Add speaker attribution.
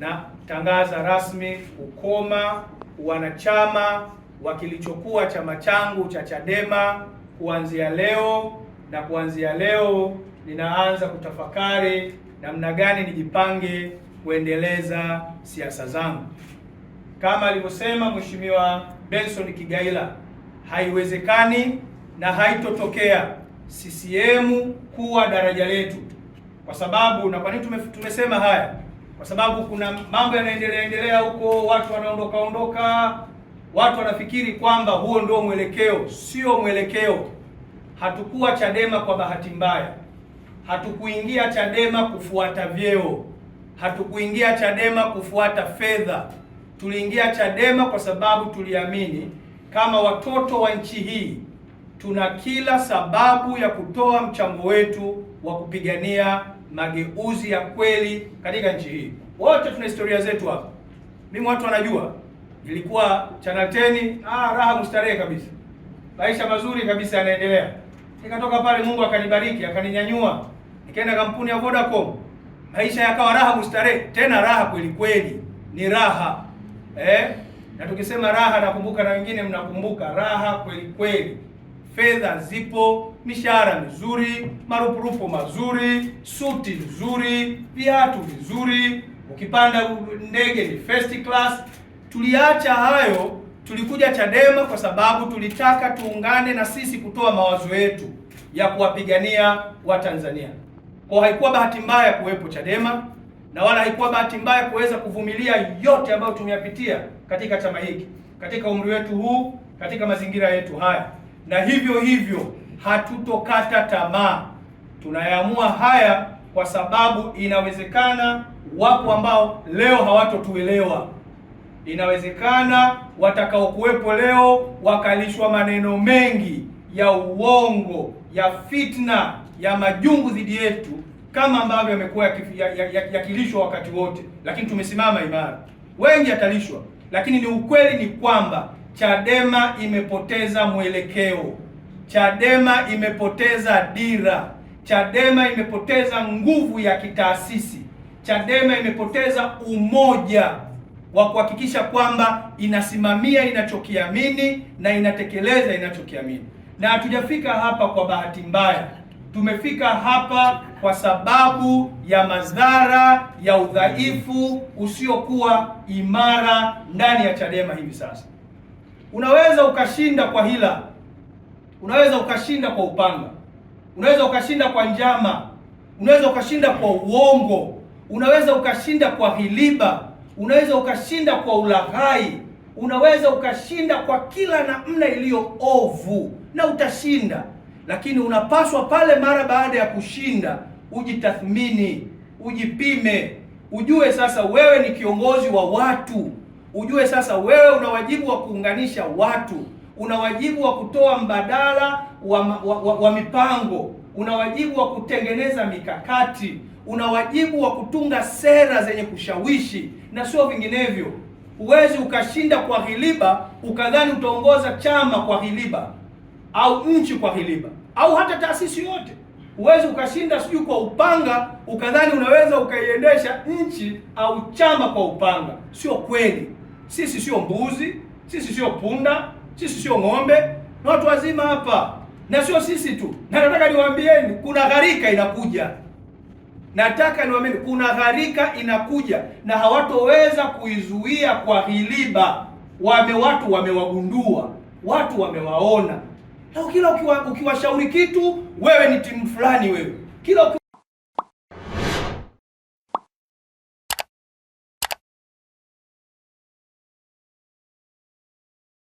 Speaker 1: na tangaza rasmi ukoma wanachama wa kilichokuwa chama changu cha Chadema kuanzia leo, na kuanzia leo ninaanza kutafakari namna gani nijipange kuendeleza siasa zangu. Kama alivyosema Mheshimiwa Benson Kigaila, haiwezekani na haitotokea CCM kuwa daraja letu, kwa sababu na kwa nini tumesema haya kwa sababu kuna mambo yanaendelea endelea huko, watu wanaondoka ondoka, watu wanafikiri kwamba huo ndio mwelekeo. Sio mwelekeo. Hatukuwa Chadema kwa bahati mbaya, hatukuingia Chadema kufuata vyeo, hatukuingia Chadema kufuata fedha. Tuliingia Chadema kwa sababu tuliamini kama watoto wa nchi hii tuna kila sababu ya kutoa mchango wetu wa kupigania mageuzi ya kweli katika nchi hii. Wote tuna historia zetu hapa, mimi watu wanajua nilikuwa Channel 10, ah, raha mustarehe kabisa, maisha mazuri kabisa yanaendelea. Nikatoka pale, Mungu akanibariki akaninyanyua, nikaenda kampuni ya Vodacom, maisha yakawa raha mustarehe, tena raha kweli kweli, ni raha eh. Na tukisema raha, nakumbuka na wengine mnakumbuka raha kweli kweli fedha zipo, mishahara mizuri, marupurupu mazuri, suti nzuri, viatu vizuri, ukipanda ndege ni first class. Tuliacha hayo, tulikuja Chadema kwa sababu tulitaka tuungane na sisi kutoa mawazo yetu ya kuwapigania Watanzania. Kwa haikuwa bahati mbaya kuwepo Chadema na wala haikuwa bahati mbaya kuweza kuvumilia yote ambayo tumeyapitia katika chama hiki, katika umri wetu huu, katika mazingira yetu haya na hivyo hivyo hatutokata tamaa. Tunayaamua haya kwa sababu inawezekana wapo ambao leo hawatotuelewa, inawezekana watakaokuwepo leo wakalishwa maneno mengi ya uongo, ya fitna, ya majungu dhidi yetu kama ambavyo yamekuwa yakilishwa wakati wote, lakini tumesimama imara. Wengi atalishwa, lakini ni ukweli ni kwamba Chadema imepoteza mwelekeo, Chadema imepoteza dira, Chadema imepoteza nguvu ya kitaasisi, Chadema imepoteza umoja wa kuhakikisha kwamba inasimamia inachokiamini na inatekeleza inachokiamini. Na hatujafika hapa kwa bahati mbaya, tumefika hapa kwa sababu ya madhara ya udhaifu usiokuwa imara ndani ya Chadema hivi sasa. Unaweza ukashinda kwa hila, unaweza ukashinda kwa upanga, unaweza ukashinda kwa njama, unaweza ukashinda kwa uongo, unaweza ukashinda kwa hiliba, unaweza ukashinda kwa ulaghai, unaweza ukashinda kwa kila namna iliyo ovu na utashinda. Lakini unapaswa pale, mara baada ya kushinda, ujitathmini, ujipime, ujue sasa wewe ni kiongozi wa watu ujue sasa wewe una wajibu wa kuunganisha watu, una wajibu wa kutoa mbadala wa, wa, wa, wa mipango, una wajibu wa kutengeneza mikakati, una wajibu wa kutunga sera zenye kushawishi na sio vinginevyo. Huwezi ukashinda kwa hiliba ukadhani utaongoza chama kwa hiliba au nchi kwa hiliba au hata taasisi yote. Huwezi ukashinda sijui kwa upanga ukadhani unaweza ukaiendesha nchi au chama kwa upanga. Sio kweli. Sisi sio mbuzi, sisi sio punda, sisi sio ng'ombe, na watu wazima hapa, na sio sisi tu. Na nataka niwaambieni, kuna gharika inakuja. Nataka niwaambieni, kuna gharika inakuja, na hawatoweza kuizuia kwa hiliba. Wame watu wamewagundua, watu wamewaona, na kila ukiwashauri ukiwa kitu, wewe ni timu fulani, wewe kila